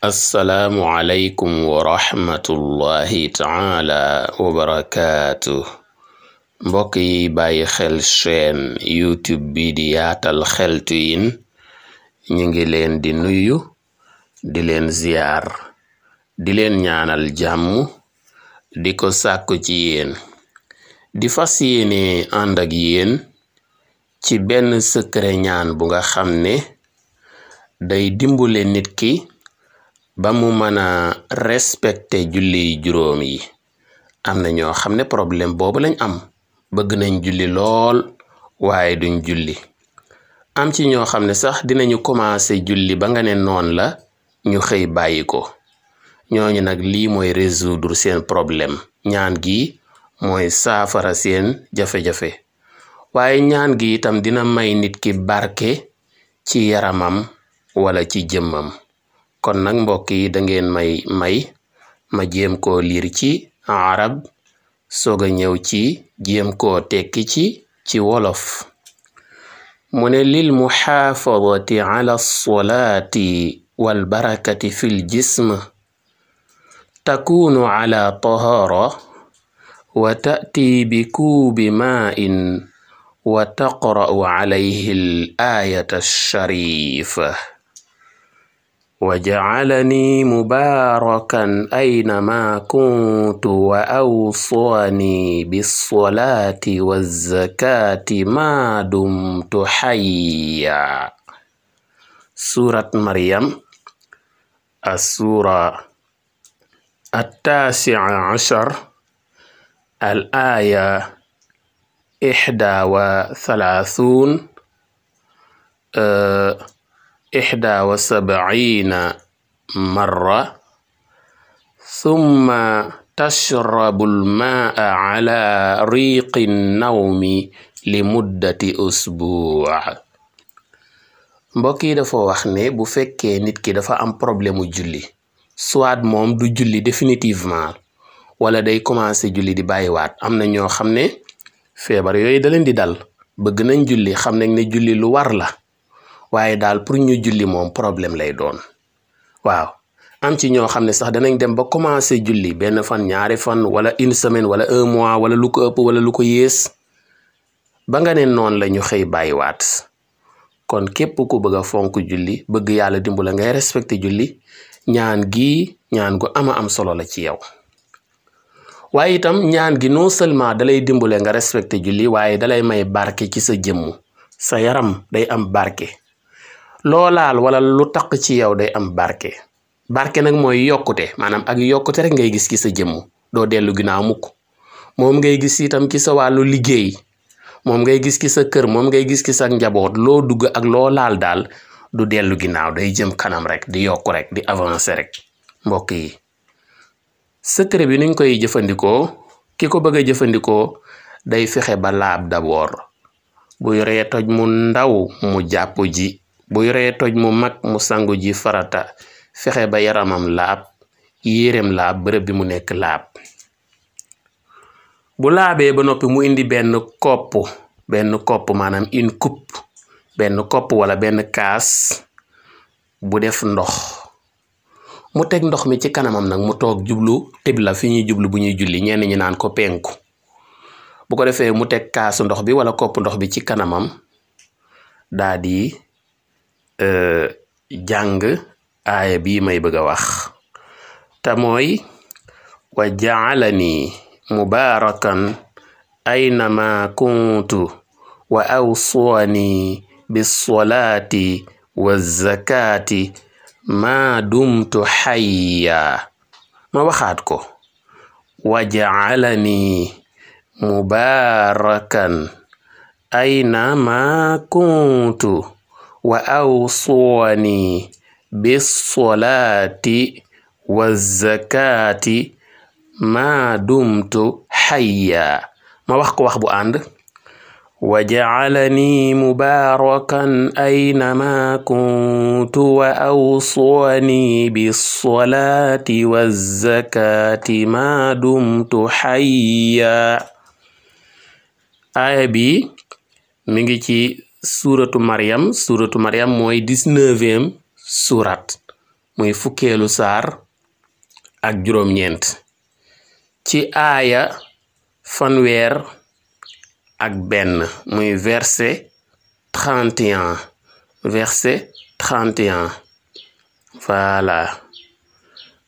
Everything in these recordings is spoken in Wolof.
assalaamu aleykum wa rahmatullahi taala wa barakaatu mbokk yi bàyyi xel chaîne youtube bi di yaatal xeltu yin ñu ngi leen di nuyu di leen ziyaar di leen ñaanal jàmm di ko sàkku ci yéen di fas yéene ànd ak yéen ci benn secret ñaan bu nga xam ne day dimbule nit ki ba mu mën a respecté julli juróom yi am na ñoo xam ne problème boobu lañ am bëgg nañ julli lool waaye duñ julli am ci ñoo xam ne sax dinañu commencé julli ba nga ne noon la ñu xëy bàyyi ko ñooñu nag lii mooy résoudre seen problème ñaan gi mooy saafara seen jafe-jafe waaye ñaan gi itam dina may nit ki barke ci yaramam wala ci jëmmam kon nag mbokk yi da may may ma jéem ko liir ci arab soog a ñëw ci jéem ko tekki ci ci wolof mu ne lil muxaafadati ala solaati wal barakati fil jism takunu ala tahara wa bi kuubi maain wa taqra'u alayhi al ayata وجعلني مباركا أينما كنت وأوصاني بالصلاة والزكاة ما دمت حيا سورة مريم السورة التاسع عشر الآية إحدى وثلاثون أه إحدى وسبعين مرة ثم تشرب الماء على ريق النوم لمدة أسبوع mbokk yi dafa wax ne bu fekkee nit ki dafa am problème mu julli soit moom du julli définitivement wala day commencé julli di bàyyiwaat am na ñoo xam ne feebar yooyu da leen di dal bëgg nañ julli xam nañ ne julli lu war la waaye daal pour ñu julli moom problème lay doon waaw am ci ñoo xam ne sax danañ dem ba commencé julli benn fan ñaari fan wala une semaine wala un mois wala lu ko ëpp wala lu ko yées ba nga ne noon lañu xëy bàyyiwaat kon képp ku bëgg a fonk julli bëgg yàlla dimbala ngay respecté julli ñaan gi ñaan gu ama am solo la ci yow waaye itam ñaan gi non seulement dalay dimbale nga respecté julli waaye dalay may barke ci sa jëmm sa yaram day am barke loo laal wala lu taq ci yow day am barke barke nag mooy yokkute maanaam ak yokkute rek ngay gis ci sa jëmm doo dellu ginnaaw mukk moom ngay gis itam ci sa wàllu liggéey moom ngay gis ci sa kër moom ngay gis ci sa njaboot loo dugg ak loo laal daal du dellu ginnaaw day jëm kanam rek di yokku rek di avancer rek mbokk yi secret bi niñ koy jëfandikoo ki ko bëgg a jëfandikoo day fexe ba laab d'abord bu yoree mu ndaw mu jàpp ji bu yoree toj mu mag mu sangu ji farata fexe ba yaramam laab yéreem laab bërëb bi mu nekk laab bu laabee ba noppi mu indi benn kopp benn kopp maanaam in coupe benn kopp wala benn kaas bu def ndox mu teg ndox mi ci kanamam nag mu toog jublu xibla fi ñuy jublu bu ñuy julli ñenn ñi naan ko penku bu ko defee mu teg kaasu ndox bi wala kopp ndox bi ci kanamam daa di Euh, jàng aaya bii may bëgg a wax te mooy wa ja'alani mubaarakan aynama kuntu wa awsani bisolaati wa zakaati maa dumtu hayya ma waxaat ko wa ja'alani mubaarakan aynama kuntu وأوصوني بالصلاة والزكاة ما دمت حيا ما وخك وخ بو أند وجعلني مباركا أينما كنت وأوصوني بالصلاة والزكاة ما دمت حيا aaya bi mi ngi ci suuratu Maryam suuratu Maryam mooy dix-neuvième suuraat muy fukkeelu saar ak juróom-ñeent ci aaya fanweer ak benn muy verset trente et un trente et un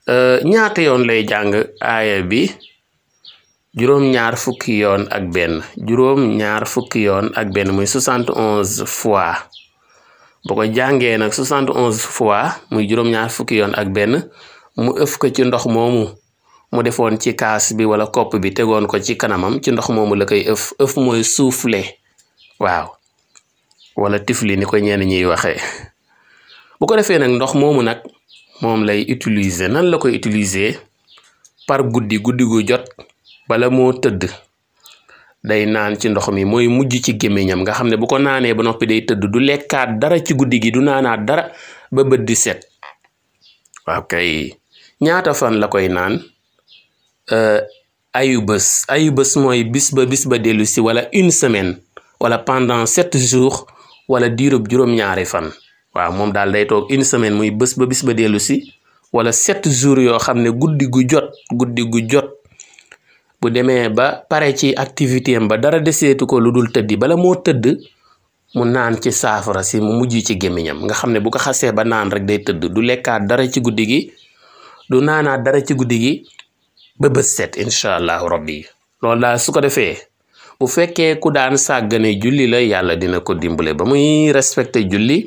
euh, ñaata yoon lay jàng aaya bi juróom ñaar fukki yoon ak benn juróom ñaar fukki yoon ak benn muy soixante onze fois boo ko jàngee nag soixante onze fois muy juróom ñaar fukki yoon ak benn mu ëf ko ci ndox moomu mu defoon ci kaas bi wala kopp bi tegoon ko ci kanamam ci ndox moomu la koy ëf ëf mooy souffler waaw wala tifli ni ko ñenn ñuy waxee bu ko defee nag ndox moomu nag moom lay utiliser nan la koy utiliser par guddi guddi gu jot bala moo tëdd day naan ci ndox mi mooy mujj ci gémmiñam nga xam ne bu ko naanee ba noppi day tëdd du lekkaat dara ci guddi gi du naanaat dara ba bët di set waaw ñaata fan la koy naan ayu bës ayu bës mooy bis ba bis ba dellu si wala une semaine wala pendant sept jours wala diirub juróom fan waaw moom yoo xam ne guddi gu jot guddi gu jot bu demee ba pare ci activité am ba dara deseetu ko lu dul tëddi bala moo tëdd mu naan ci saafara si mu mujj ci gémmiñam nga xam ne bu ko xasee ba naan rek day tëdd du lekkaat dara ci guddi gi du naanaat dara ci guddi gi ba bës incha allahu rabbi loolu daal su ko defee bu fekkee ku daan sàggane julli la yàlla dina ko dimbale ba muy respecté julli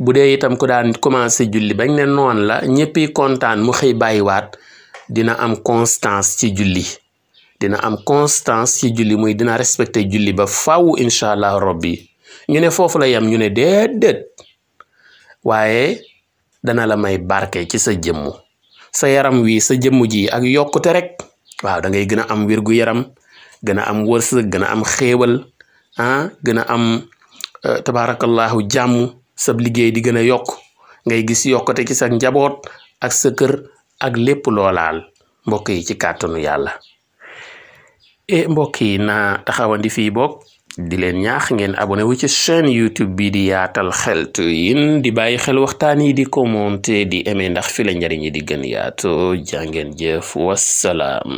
bu dee itam ku daan commencé julli bañ ne noon la ñéppi kontaan mu xëy bàyyiwaat dina am constance ci julli dina am constance ci julli muy dina respecté julli ba faw incha allah rabbi ñu ne foofu lay yam ñu ne déedéet waaye dana la may barke ci sa jëmmu sa yaram wi sa jëmmu ji ak yokkute rek waaw da ngay gën a am wérgu yaram gën a am wërsëg gën a am xéewal ah gën a am euh, tabaarakallahu jàmm sab liggéey di gën a yokk ngay gis yokkute ci sag njaboot ak sa kër ak lépp loolaal mbokk yi ci kàttanu yàlla e mbokk yi naa taxawandi fii bokk di leen ñaax ngeen abonné wu ci chaîne YouTube bi di yaatal xeltu yin di bàyyi xel waxtaan yi di commenté di aimé ndax fi la njariñ yi di gën yaatu jàngeen jëf wassalaam